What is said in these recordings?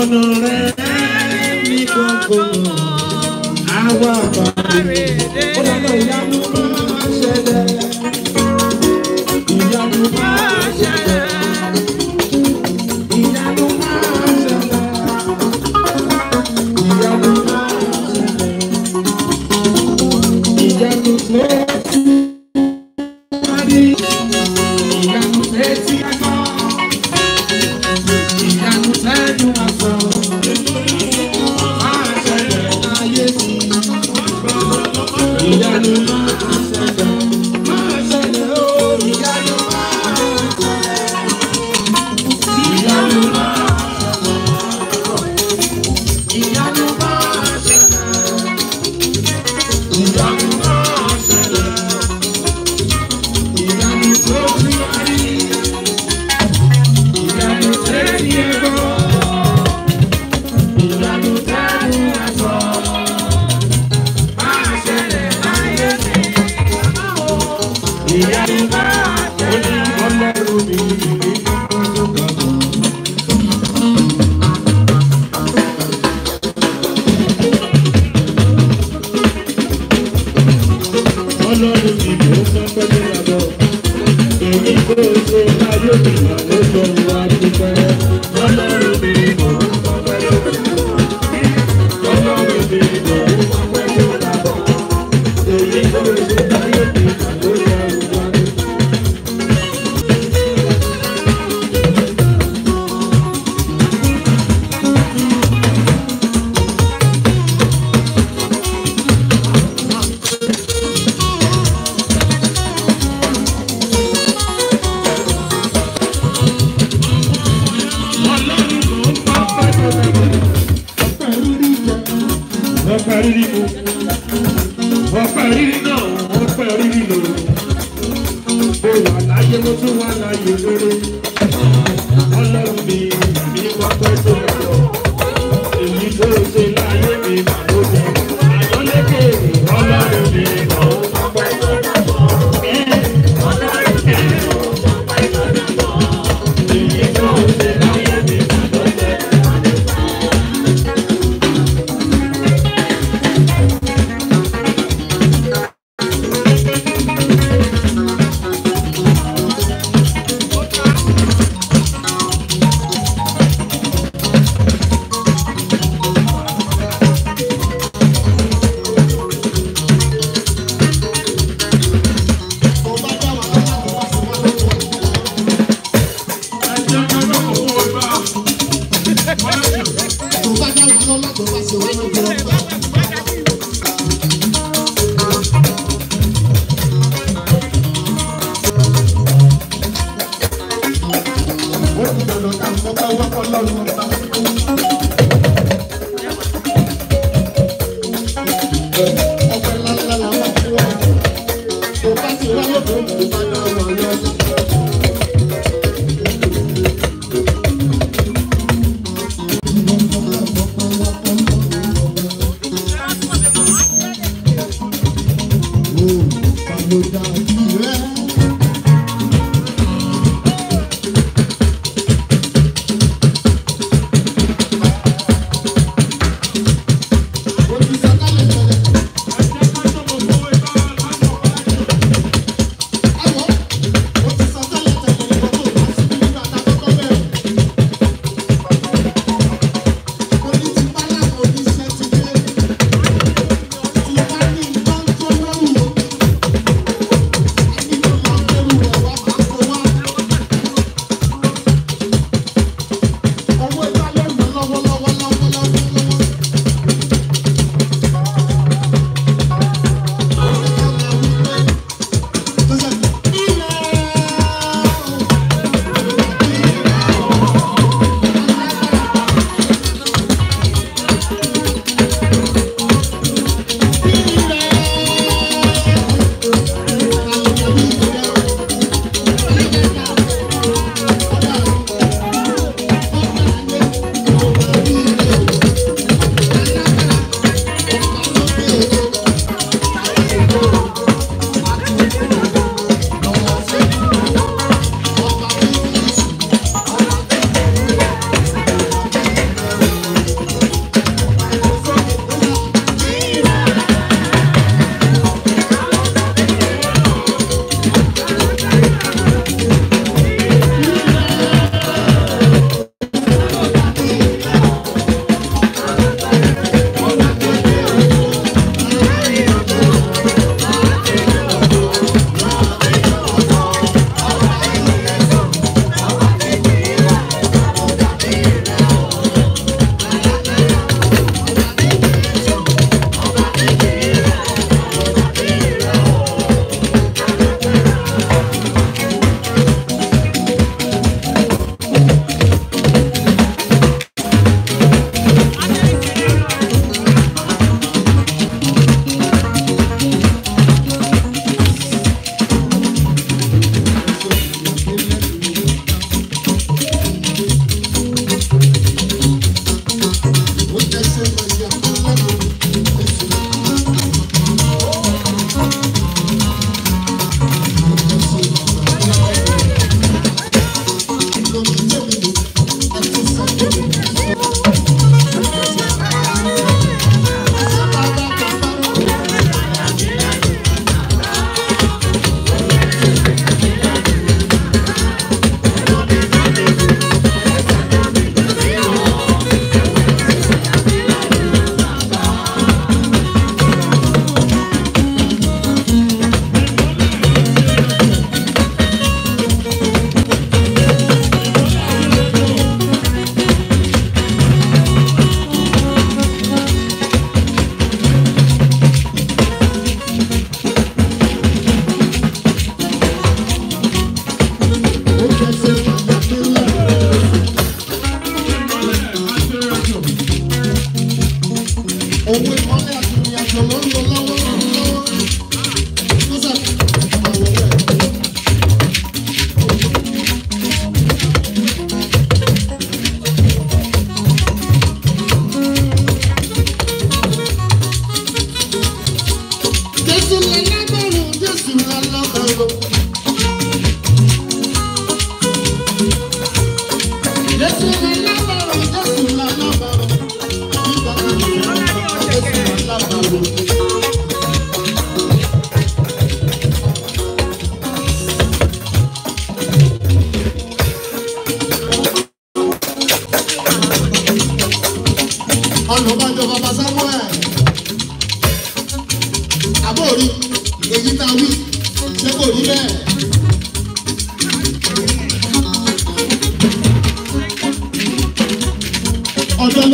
ọ̀nà rẹ̀ ní gbogbo àwa àbáyé no, lọ́nà ìyanu máa ṣẹlẹ̀ ìyanu máa ṣẹlẹ̀. Saluda. rírí mu ọpẹ́ rírí náà ọpẹ́ rírí lò mo wà láyé mo tún wà láyé lórí ọlọ́run mi mi wá pẹ́ tó lọ èyí tó ṣe láyé mi mà ló jẹ àyọ́lẹ́kẹ̀ẹ́ ọlọ́run mi. ọlọ́run. ọpẹ́ ńláńlá làwọn fi wá tó bá ti wá lọ́dún tó bá dá wọn lọ. Oh, I'm ọlọ́bàjọ́ bàbá samuel àbórí èyí tá a wí ṣé kò rí bẹ́ẹ̀. ọjọ́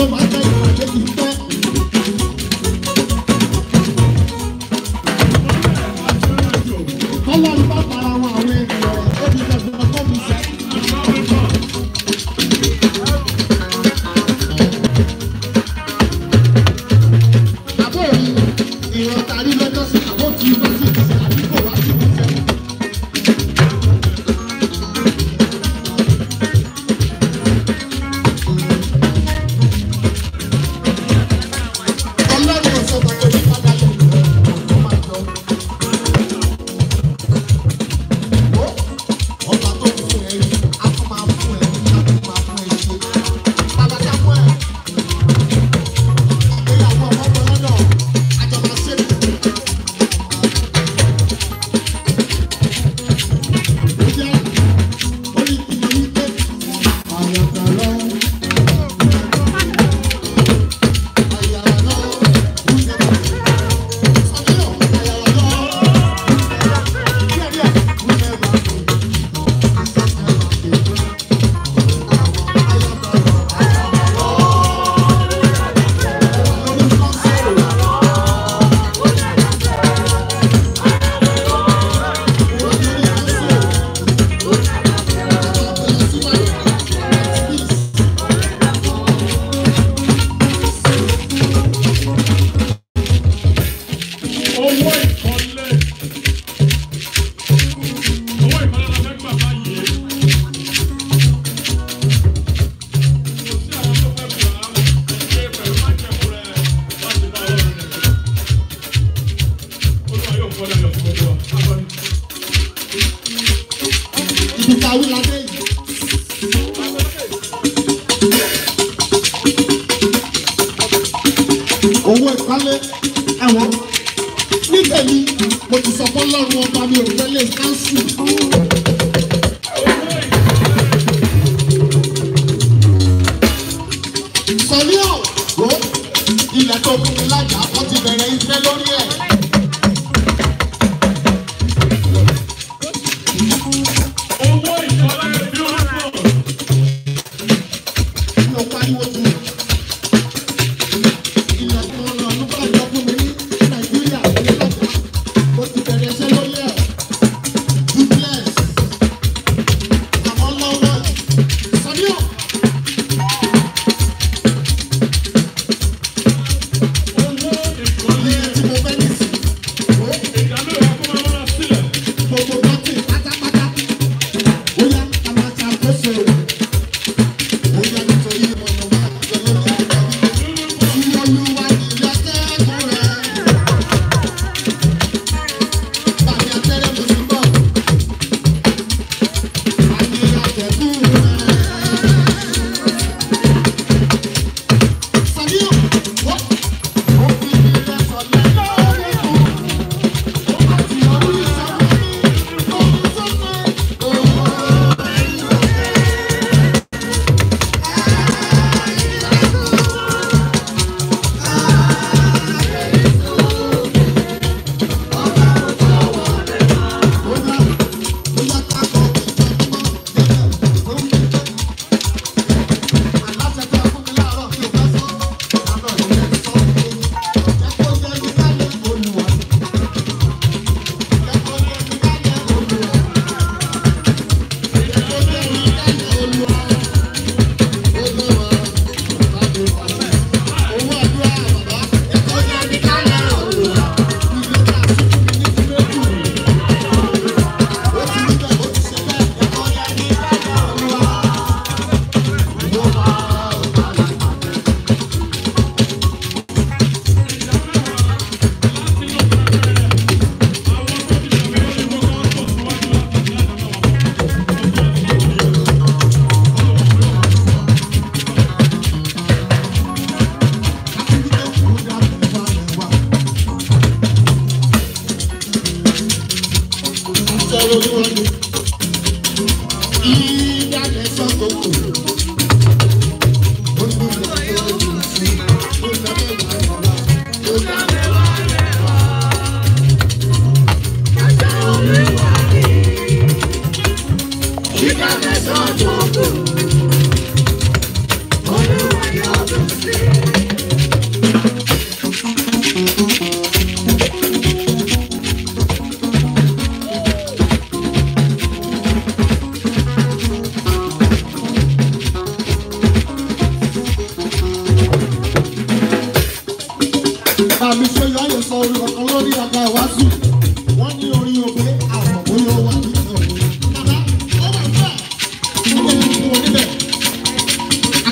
ìdìtà wílàdé yìí. owó ìpálẹ̀ ẹ̀wọ̀n nítẹ̀lí mo ti sọ fún ọlọ́run ọba mi ò fẹ́lẹ̀ káńsù. sọ ní ọ̀rọ̀ ilẹ̀ tó fún mi lájà ó ti bẹ̀rẹ̀ iṣẹ́ lórí ẹ̀.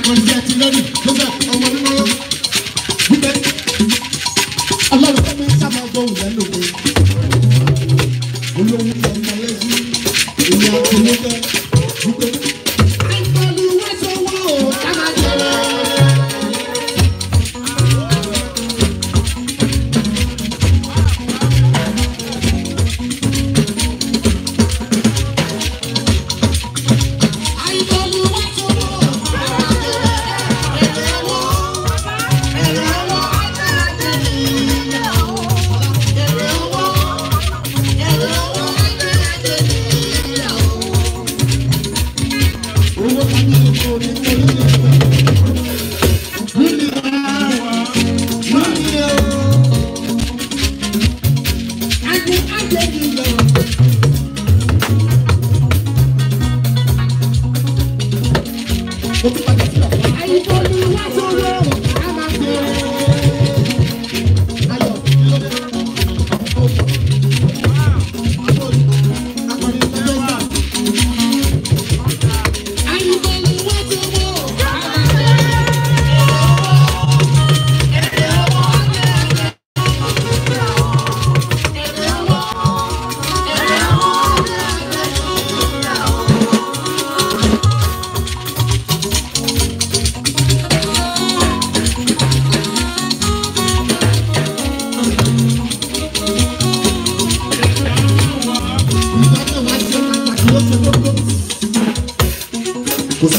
akọ̀njẹ́ àti lọ́rì lọ́gbà ọmọ mímọ́ gbígbẹ́ ọlọ́run tó máa sábà gbọ́ òun lẹ́nu òun olóhùn ọmọ lẹ́sìn ìyá tòlótọ́.